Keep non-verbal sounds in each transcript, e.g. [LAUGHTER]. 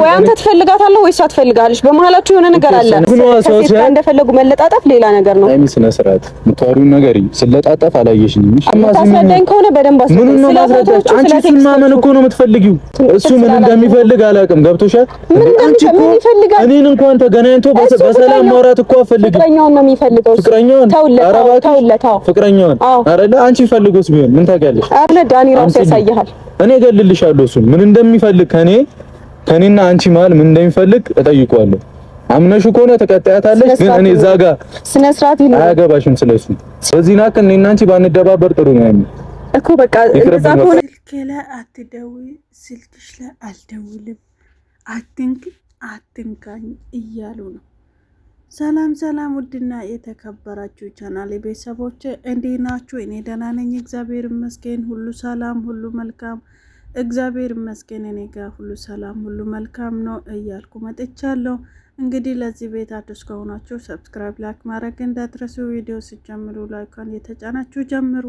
ወይ አንተ ትፈልጋታለህ ወይስ አትፈልጋለሽ? በመሀላችሁ የሆነ ነገር አለ። ከሴት ጋር እንደፈለጉ መለጣጠፍ ሌላ ነገር ነው። አይሚ ስነ ስርዓት የምታወሪውን ነገር ስለጣጠፍ አላየሽኝም። አስረዳኝ ከሆነ በደንብ አስረዳኝ። ስለጣጠፍ አንቺ እሱን ማመን እኮ ነው የምትፈልጊው። እሱ ምን እንደሚፈልግ አላውቅም። ገብቶሻል? ምን እኮ እኔን እንኳን ተገናኝቶ በሰላም ማውራት እኮ አፈልግም። ፍቅረኛውን ነው የሚፈልገው። ፍቅረኛውን ተውለታው። ፍቅረኛውን አረዳ። አንቺ ፈልጎስ ቢሆን ምን ታውቂያለሽ? አረ ዳኒ ራሱ ያሳይሃል። እኔ እገልልሻለሁ እሱን ምን እንደሚፈልግ ከኔ ከኔና አንቺ መሀል ምን እንደሚፈልግ እጠይቀዋለሁ። አምነሹ ከሆነ ተቀጣያታለሽ። ግን እኔ እዛ ጋር ስነ ስርዓት ይኖር አያገባሽም። ስለሱ በዚህ ናክ እኔና አንቺ ባንደባበር ጥሩ ነው ያለው እኮ በቃ እንደዛ ከሆነ ስልኬ ላይ አትደውይ፣ ስልክሽ ላይ አልደውልም፣ አትንክ አትንካኝ እያሉ ነው። ሰላም ሰላም፣ ውድና የተከበራችሁ ቻናል ቤተሰቦች እንዴት ናችሁ? እኔ ደህና ነኝ፣ እግዚአብሔር ይመስገን። ሁሉ ሰላም፣ ሁሉ መልካም እግዚአብሔር ይመስገን እኔ ጋር ሁሉ ሰላም፣ ሁሉ መልካም ነው እያልኩ መጥቻለሁ። እንግዲህ ለዚህ ቤት አዲስ ከሆናችሁ ሰብስክራይብ፣ ላይክ ማድረግ እንዳትረሱ። ቪዲዮ ሲጀምሩ ላይኳን የተጫናችሁ ጀምሩ።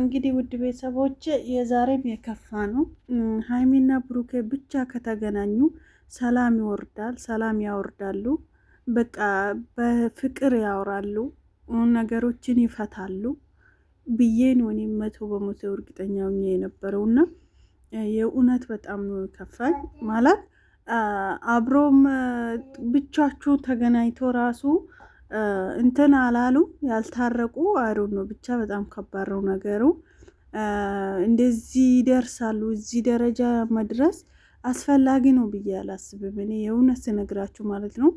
እንግዲህ ውድ ቤተሰቦች የዛሬም የከፋ ነው። ሀይሚና ብሩኬ ብቻ ከተገናኙ ሰላም ይወርዳል፣ ሰላም ያወርዳሉ። በቃ በፍቅር ያወራሉ፣ ነገሮችን ይፈታሉ ብዬ ነው እኔ መቶ በመቶ እርግጠኛ የነበረውና የእውነት በጣም ነው ከፋኝ። ማለት አብሮም ብቻችሁ ተገናኝቶ ራሱ እንትን አላሉ ያልታረቁ አይሮን ነው ብቻ በጣም ከባድ ነው ነገሩ። እንደዚህ ይደርሳሉ። እዚህ ደረጃ መድረስ አስፈላጊ ነው ብዬ አላስብም። እኔ የእውነት ስነግራችሁ ማለት ነው።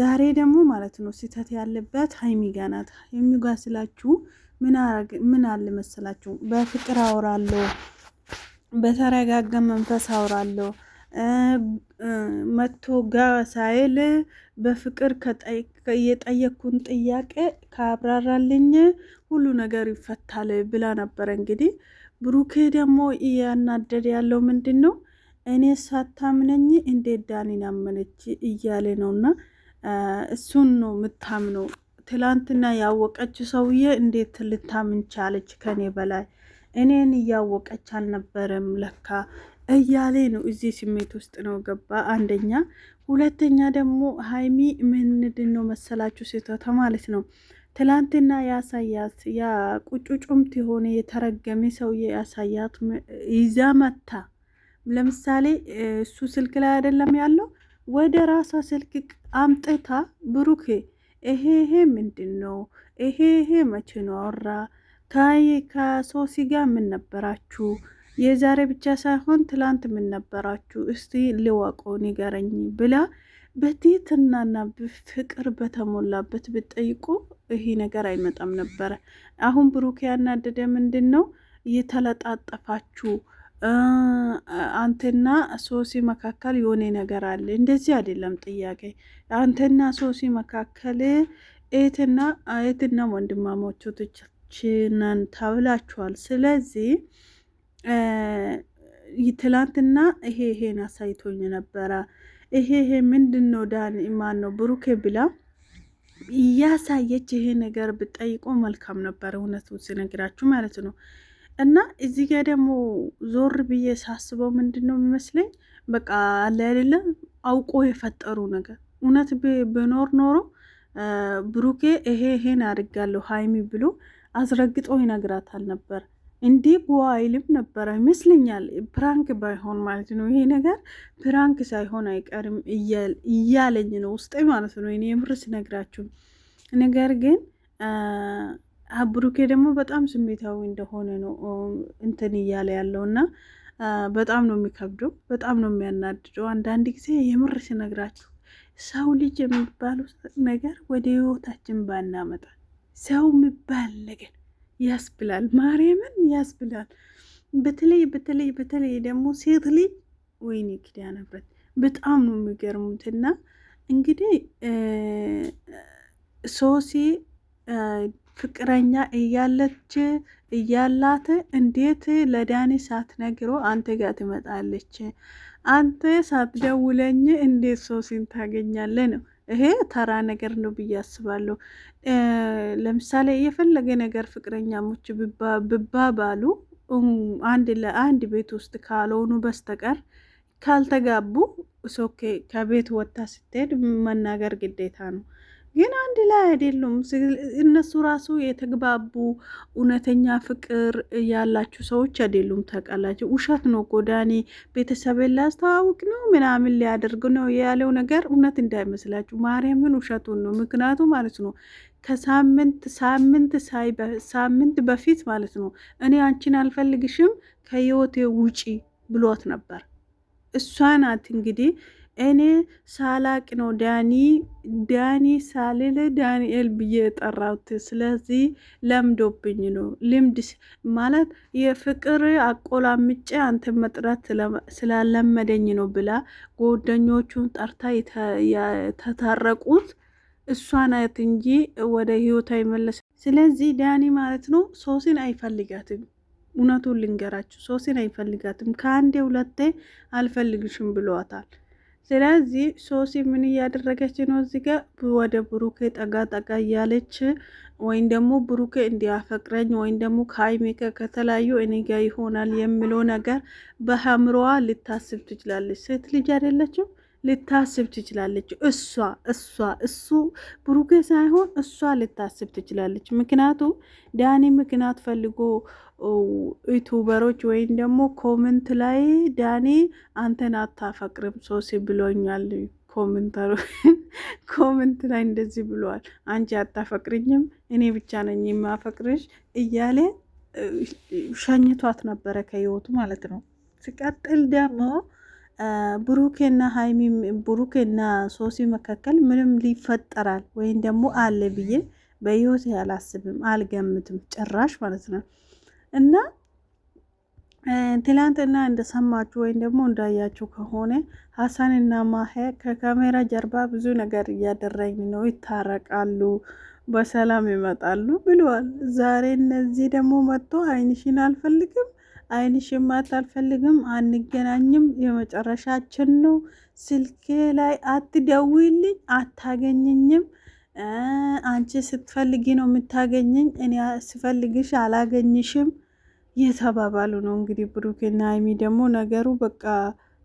ዛሬ ደግሞ ማለት ነው ስህተት ያለበት ሀይሚ ጋ ናት። ሀይሚ ጋ ስላችሁ ምን አለ መሰላችሁ፣ በፍቅር አወራለሁ በተረጋጋ መንፈስ አውራለሁ። መቶ ጋ ሳይል በፍቅር የጠየኩን ጥያቄ ካብራራልኝ ሁሉ ነገር ይፈታል ብላ ነበረ። እንግዲህ ብሩኬ ደግሞ እያናደደ ያለው ምንድን ነው? እኔ ሳታምነኝ እንዴት ዳኒን አመነች እያለ ነውና እሱን ነው የምታምነው። ትላንትና ያወቀችው ሰውዬ እንዴት ልታምን ቻለች ከኔ በላይ እኔን እያወቀች አልነበረም ለካ እያሌ ነው። እዚህ ስሜት ውስጥ ነው ገባ። አንደኛ፣ ሁለተኛ ደግሞ ሀይሚ ምንድን ነው መሰላችሁ ስህተቷ ማለት ነው ትላንትና ያሳያት ያ ቁጩጩምት የሆነ የተረገመ ሰውዬ ያሳያት ይዛ መታ። ለምሳሌ እሱ ስልክ ላይ አይደለም ያለው፣ ወደ ራሷ ስልክ አምጥታ ብሩኬ ይሄ ይሄ ምንድን ነው ይሄ ይሄ መቼ ነው አወራ ከይ ከሶሲ ጋር ምን ነበራችሁ? የዛሬ ብቻ ሳይሆን ትላንት ምን ነበራችሁ? እስቲ ልወቀው ንገረኝ ብላ በትህትናና ፍቅር በተሞላበት ብጠይቁ ይሄ ነገር አይመጣም ነበረ። አሁን ብሩክ ያናደደ ምንድን ነው የተለጣጠፋችሁ አንተና ሶሲ መካከል የሆነ ነገር አለ። እንደዚህ አይደለም ጥያቄ። አንተና ሶሲ መካከል እህትና እህትና ወንድማማቾች ነን ተብላችኋል። ስለዚህ ትላንትና ይሄ ይሄን አሳይቶኝ ነበረ። ይሄ ይሄ ምንድን ነው ዳን ማን ነው ብሩኬ ብላ እያሳየች ይሄ ነገር ብጠይቆ መልካም ነበር፣ እውነቱ ስነግራችሁ ማለት ነው። እና እዚህ ጋር ደግሞ ዞር ብዬ ሳስበው ምንድን ነው የሚመስለኝ በቃ አለ አይደለም አውቆ የፈጠሩ ነገር እውነት ብኖር ኖሮ ብሩኬ ይሄ ይሄን አድርጋለሁ ሀይሚ ብሎ አስረግጦ ይነግራታል ነበር። እንዲህ በዋ አይልም ነበረ ይመስለኛል። ፕራንክ ባይሆን ማለት ነው ይሄ ነገር ፕራንክ ሳይሆን አይቀርም እያለኝ ነው ውስጤ ማለት ነው። እኔ የምር ስነግራችሁ ነገር ግን አብሩኬ ደግሞ በጣም ስሜታዊ እንደሆነ ነው እንትን እያለ ያለው እና በጣም ነው የሚከብደው፣ በጣም ነው የሚያናድደው። አንዳንድ ጊዜ የምር ስነግራችሁ ሰው ልጅ የሚባለው ነገር ወደ ህይወታችን ባናመጣ ሰው የሚባል ነገር ያስብላል፣ ማርያምን ያስብላል። በተለይ በተለይ በተለይ ደግሞ ሴት ልጅ ወይኔ ኪዳነበት በጣም ነው የሚገርሙትና እንግዲህ ሶሲ ፍቅረኛ እያለች እያላት እንዴት ለዳኒ ሳትነግሮ አንተ ጋር ትመጣለች? አንተ ሳትደውለኝ እንዴት ሶሲን ታገኛለ ነው ይሄ ተራ ነገር ነው ብዬ አስባለሁ። ለምሳሌ የፈለገ ነገር ፍቅረኛሞች ብባባሉ አንድ ለአንድ ቤት ውስጥ ካልሆኑ በስተቀር ካልተጋቡ ሶኬ ከቤት ወጥታ ስትሄድ መናገር ግዴታ ነው። ግን አንድ ላይ አይደሉም። እነሱ ራሱ የተግባቡ እውነተኛ ፍቅር ያላችሁ ሰዎች አይደሉም። ታውቃላችሁ፣ ውሸት ነው። ጎዳኔ ቤተሰብን ላስተዋውቅ ነው ምናምን ሊያደርግ ነው ያለው ነገር እውነት እንዳይመስላችሁ፣ ማርያምን ውሸቱን ነው። ምክንያቱ ማለት ነው ከሳምንት ሳምንት ሳይ ሳምንት በፊት ማለት ነው እኔ አንቺን አልፈልግሽም ከህይወቴ ውጪ ብሎት ነበር። እሷ ናት እንግዲህ እኔ ሳላቅ ነው ዳኒ ዳኒ ሳልል ዳንኤል ብዬ የጠራሁት። ስለዚህ ለምዶብኝ ነው። ልምድ ማለት የፍቅር አቆላምጬ አንተ መጥራት ስላለመደኝ ነው ብላ ጓደኞቹን ጠርታ የተታረቁት እሷ ናት እንጂ ወደ ህይወት አይመለስ። ስለዚህ ዳኒ ማለት ነው ሶሲን አይፈልጋትም። እውነቱን ልንገራችሁ፣ ሶሲን አይፈልጋትም። ከአንዴ ሁለቴ አልፈልግሽም ብሏታል። ስለዚህ ሶሲ ምን እያደረገች ነው? እዚህ ጋር ወደ ብሩኬ ጠጋ ጠጋ እያለች ወይም ደግሞ ብሩኬ እንዲያፈቅረኝ ወይም ደግሞ ከሀይሜከ ከተለያዩ እኔ ጋ ይሆናል የሚለው ነገር በሀምሮዋ ልታስብ ትችላለች። ሴት ልጅ አይደለችው? ልታስብ ትችላለች። እሷ እሷ እሱ ብሩኬ ሳይሆን እሷ ልታስብ ትችላለች። ምክንያቱም ዳኒ ምክንያት ፈልጎ ዩቱበሮች ወይም ደግሞ ኮመንት ላይ ዳኒ አንተን አታፈቅርም ሶሲ ብሎኛል ኮመንተሩ [LAUGHS] ኮመንት ላይ እንደዚህ ብለዋል። አንቺ አታፈቅርኝም እኔ ብቻ ነኝ የማፈቅርሽ እያለ ሸኝቷት ነበረ ከህይወቱ ማለት ነው። ሲቀጥል ደግሞ ብሩኬና ሀይሚ ብሩኬና ሶሲ መካከል ምንም ሊፈጠራል ወይም ደግሞ አለ ብዬ በህይወት አላስብም፣ አልገምትም ጭራሽ ማለት ነው። እና ትላንትና እንደሰማችሁ ወይም ደግሞ እንዳያችሁ ከሆነ ሀሰንና ማሄ ከካሜራ ጀርባ ብዙ ነገር እያደረግን ነው፣ ይታረቃሉ፣ በሰላም ይመጣሉ ብለዋል። ዛሬ እነዚህ ደግሞ መጥቶ አይንሽን አልፈልግም አይንሽም አታልፈልግም፣ አንገናኝም፣ የመጨረሻችን ነው፣ ስልኬ ላይ አትደውይልኝ፣ አታገኘኝም። አንቺ ስትፈልጊ ነው የምታገኘኝ፣ እኔ ስፈልግሽ አላገኝሽም የተባባሉ ነው እንግዲህ። ብሩክና ሀይሚ ደግሞ ነገሩ በቃ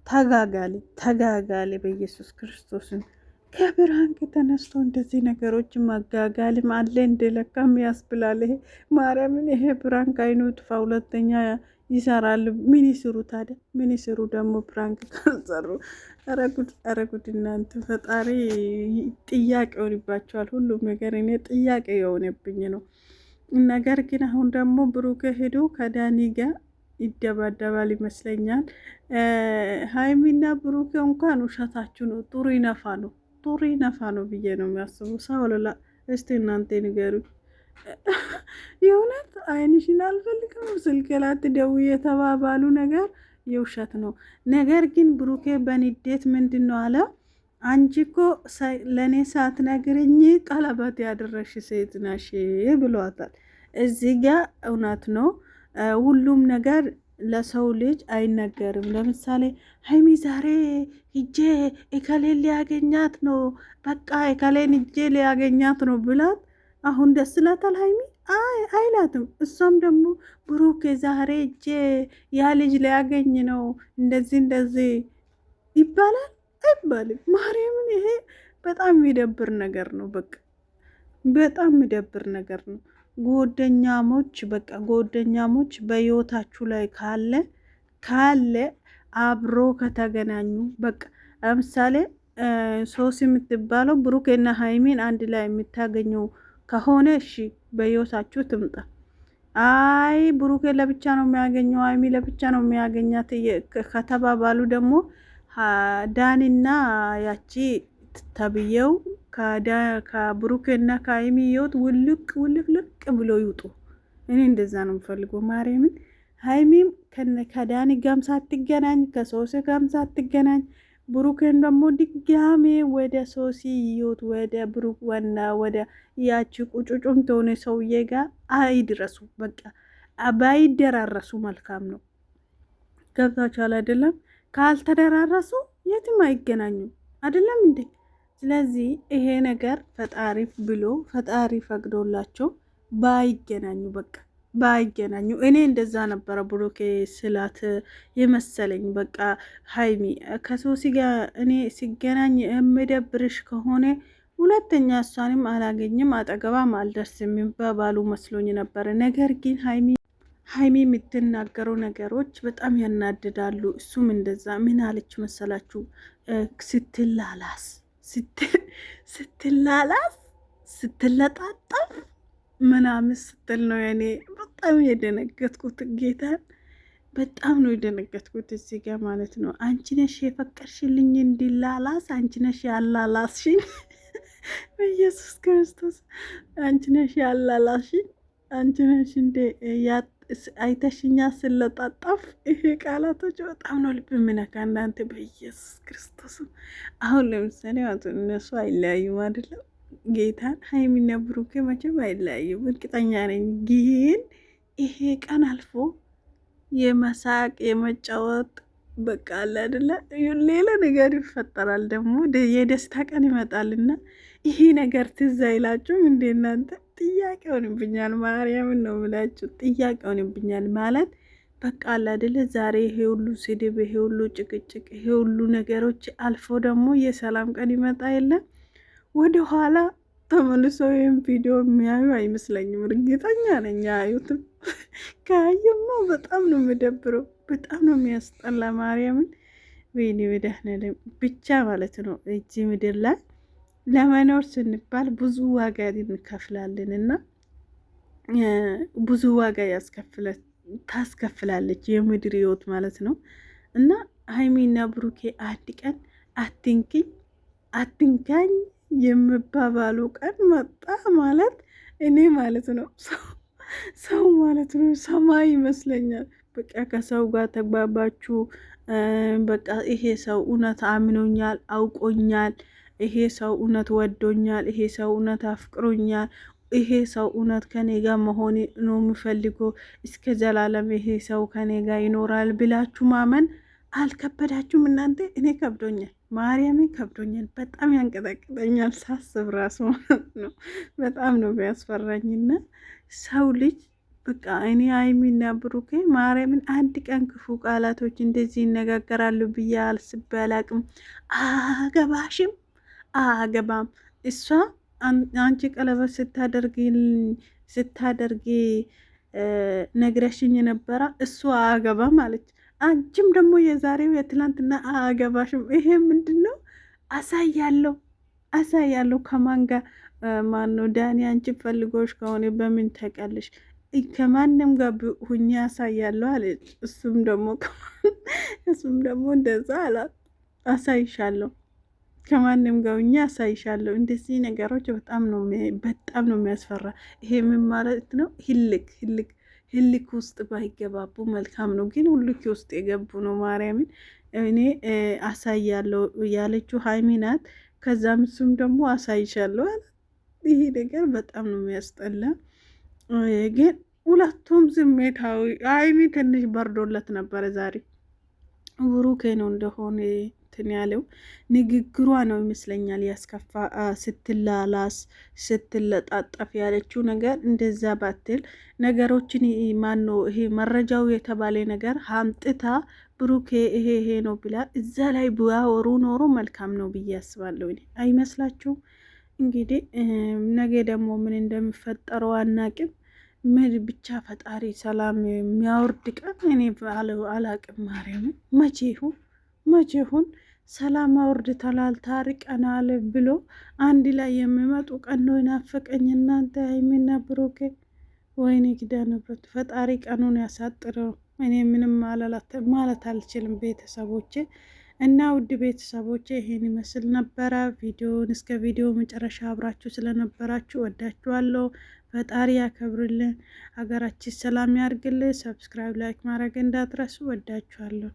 ተጋጋለ ተጋጋለ። በኢየሱስ ክርስቶስን ከብርሃን ከተነስቶ እንደዚህ ነገሮች መጋጋልም አለ እንደለካም ያስብላል። ይሄ ማርያምን፣ ይሄ ብርሃን ከአይኑ ጥፋ። ሁለተኛ ይሰራሉ። ምን ይስሩ ታዲያ? ምን ይስሩ ደግሞ ፕራንክ ካልሰሩ? ረጉድ ረጉድ! እናንተ ፈጣሪ ጥያቄ ሆንባቸዋል ሁሉም ነገር እኔ ጥያቄ የሆነብኝ ነው። ነገር ግን አሁን ደግሞ ብሩክ ሄዶ ከዳኒ ጋር ይደባደባል ይመስለኛል። ሀይሚና ብሩክ እንኳን ውሸታችሁ ነው፣ ጥሩ ይነፋ ነው፣ ጥሩ ይነፋ ነው ብዬ ነው የሚያስቡ ሰው። እስቲ እናንተ ንገሩ። [LAUGHS] አይንሽን አልፈልግም ስልክ ላይ የተባባሉ ነገር የውሸት ነው። ነገር ግን ብሩኬ በንዴት ምንድን ነው አለ አንቺ እኮ ለእኔ ሳትነግሪኝ ቀለበት ያደረሽ ሴት ነሽ ብሏታል። እዚህ ጋ እውነት ነው። ሁሉም ነገር ለሰው ልጅ አይነገርም። ለምሳሌ ሀይሚ ዛሬ ሂጄ እከሌን ሊያገኛት ነው፣ በቃ እከሌን ሂጄ ሊያገኛት ነው ብላት አሁን ደስ ላታል ሀይሚ አይላትም። እሷም ደግሞ ብሩክ ዛሬ እጄ ያ ልጅ ሊያገኝ ነው እንደዚህ እንደዚህ ይባላል አይባልም። ማርያምን ይሄ በጣም የሚደብር ነገር ነው። በቃ በጣም የሚደብር ነገር ነው። ጎደኛሞች በቃ ጎደኛሞች በህይወታችሁ ላይ ካለ ካለ አብሮ ከተገናኙ በቃ ለምሳሌ ሶስ የምትባለው ብሩክና ሀይሜን አንድ ላይ የምታገኘው ከሆነ እሺ በህይወታችሁ ትምጣ። አይ ብሩኬ ለብቻ ነው የሚያገኘው፣ አይሚ ለብቻ ነው የሚያገኛት ከተባባሉ ደግሞ ዳኒና ያቺ ተብዬው ከብሩኬና ከአይሚ ህይወት ውልቅ ውልቅ ልቅ ብሎ ይውጡ። እኔ እንደዛ ነው የምፈልገው። ማርያምን ሀይሚም ከዳኒ ጋም ሳትገናኝ ከሶሴ ጋም ሳትገናኝ ብሩኬን ደግሞ ድጋሜ ወደ ሶሲ ይዩት ወደ ብሩክ ወና ወደ ያቺ ቁጩጩም ተሆነ ሰውዬ ጋር አይድረሱ። በቃ ባይደራረሱ መልካም ነው። ገብታችኋል አይደለም? ካልተደራረሱ የትም አይገናኙ አይደለም እንዴ? ስለዚህ ይሄ ነገር ፈጣሪ ብሎ ፈጣሪ ፈቅዶላቸው ባይገናኙ በቃ ባይገናኙ እኔ እንደዛ ነበረ ብሩኬ ስላት የመሰለኝ። በቃ ሀይሚ ከሶሲ ጋር እኔ ሲገናኝ የምደብርሽ ከሆነ ሁለተኛ እሷንም አላገኝም አጠገባም አልደርስም የሚባባሉ መስሎኝ ነበረ። ነገር ግን ሀይሚ ሀይሚ የምትናገረው ነገሮች በጣም ያናድዳሉ። እሱም እንደዛ ምን አለች መሰላችሁ? ስትላላስ ስትላላስ ስትለጣጠፍ ምናምን ስትል ነው የኔ በጣም የደነገጥኩት። ጌታን በጣም ነው የደነገጥኩት እዚህ ጋር ማለት ነው። አንቺ ነሽ የፈቀድሽልኝ እንዲላላስ፣ አንቺ ነሽ ያላላስሽኝ፣ በኢየሱስ [LAUGHS] ክርስቶስ አንቺ ነሽ ያላላስሽኝ፣ አንቺ ነሽ እንደ አይተሽኛ ስለጣጣፍ ይሄ ቃላቶች በጣም ነው ልብ የሚነካ እናንተ፣ በኢየሱስ ክርስቶስ አሁን ለምሳሌ እነሱ አይለያዩም አይደለም ጌታን ሀይሚና ብሩኬ መቼም አይለያዩም፣ እርግጠኛ ነኝ። ግን ይሄ ቀን አልፎ የመሳቅ የመጫወት በቃ አለ አደለ፣ ሌላ ነገር ይፈጠራል። ደግሞ የደስታ ቀን ይመጣልና ይሄ ነገር ትዝ አይላችሁም እንዴ? እናንተ ጥያቄ ሆንብኛል። ማርያምን ነው ምላችሁ፣ ጥያቄ ሆንብኛል ማለት በቃ አለ አደለ። ዛሬ ይሄ ሁሉ ስድብ፣ ይሄ ሁሉ ጭቅጭቅ፣ ይሄ ሁሉ ነገሮች አልፎ ደግሞ የሰላም ቀን ይመጣ የለም ወደ ኋላ ተመልሶ ወይም ቪዲዮ የሚያዩ አይመስለኝም። እርግጠኛ ነኝ አዩትም። ከያየማ በጣም ነው የምደብረው። በጣም ነው የሚያስጠላ። ማርያምን ወይኒ መድኃኒዓለም ብቻ ማለት ነው። እጅ ምድር ላይ ለመኖር ስንባል ብዙ ዋጋ እንከፍላለን እና ብዙ ዋጋ ታስከፍላለች የምድር ህይወት ማለት ነው እና ሀይሚና ብሩኬ አንድ ቀን አትንክኝ አትንካኝ የምባባሉ ቀን መጣ ማለት እኔ ማለት ነው ሰው ማለት ነው ሰማይ ይመስለኛል። በቃ ከሰው ጋር ተግባባችሁ። በቃ ይሄ ሰው እውነት አምኖኛል፣ አውቆኛል። ይሄ ሰው እውነት ወዶኛል። ይሄ ሰው እውነት አፍቅሮኛል። ይሄ ሰው እውነት ከኔ ጋር መሆን ነው የምፈልጎ እስከ ዘላለም ይሄ ሰው ከኔ ጋር ይኖራል ብላችሁ ማመን አልከበዳችሁም እናንተ? እኔ ከብዶኛል። ማርያምን ከብዶኛል። በጣም ያንቀጠቅጠኛል ሳስብ ራሱ ማለት ነው። በጣም ነው ቢያስፈራኝና ሰው ልጅ በቃ እኔ ሀይሚና ብሩኬ ማርያምን አንድ ቀን ክፉ ቃላቶች እንደዚህ ይነጋገራሉ ብዬ አስቤ አላቅም። አገባሽም አገባም እሷ አንቺ ቀለበት ስታደርጊ ስታደርጊ ነግረሽኝ የነበረ እሱ አገባ ማለች አንቺም ደግሞ የዛሬው የትላንትና አገባሽም። ይሄ ምንድን ነው? አሳያለሁ አሳያለሁ። ከማን ጋር ማነው ዳኒ? አንቺ ፈልጎሽ ከሆነ በምን ተቀልሽ? ከማንም ጋር ሁኛ አሳያለሁ አለች። እሱም ደግሞ [LAUGHS] እሱም ደግሞ እንደዛ አላት። አሳይሻለሁ ከማንም ጋር ሁኛ አሳይሻለሁ። እንደዚህ ነገሮች በጣም ነው በጣም ነው የሚያስፈራ። ይሄ ምን ማለት ነው? ህልክ ህልክ ህልክ ውስጥ ባይገባቡ መልካም ነው። ግን ሁልክ ውስጥ የገቡ ነው። ማርያምን እኔ አሳያለሁ ያለችው ሀይሚ ናት። ከዛም እሱም ደግሞ አሳይሻለሁ። ይሄ ነገር በጣም ነው የሚያስጠላ። ግን ሁለቱም ስሜታዊ ሀይሚ ትንሽ በርዶለት ነበረ ዛሬ ብሩኬ ነው እንደሆነ እንትን ያለው ንግግሯ ነው ይመስለኛል ያስከፋ። ስትላላስ ስትለጣጠፍ ያለችው ነገር እንደዛ ባትል ነገሮችን ማኖ ይሄ መረጃው የተባለ ነገር ሀምጥታ ብሩኬ ይሄ ይሄ ነው ብላ እዛ ላይ ቢያወሩ ኖሮ መልካም ነው ብዬ አስባለሁ። አይመስላችሁም? እንግዲህ ነገ ደግሞ ምን እንደሚፈጠረው አናቅም። ምድ ብቻ ፈጣሪ ሰላም የሚያወርድ ቀን እኔ አላቅም። ማርያምን መቼ ይሁን መቼ ይሁን ሰላም አውርድ ተላልታ ብሎ አንድ ላይ የሚመጡ ቀኖ ናፈቀኝ። እናንተ ሀይሚና ብሩኬ ወይኔ ጊዳ ንብረት ፈጣሪ ቀኑን ያሳጥረው። እኔ ምንም ማለት አልችልም ቤተሰቦች እና ውድ ቤተሰቦች ይሄን ይመስል ነበረ ቪዲዮን። እስከ ቪዲዮ መጨረሻ አብራችሁ ስለነበራችሁ ወዳችኋለሁ። ፈጣሪ ያከብርልን፣ ሀገራችን ሰላም ያርግልን። ሰብስክራይብ፣ ላይክ ማድረግ እንዳትረሱ። ወዳችኋለሁ።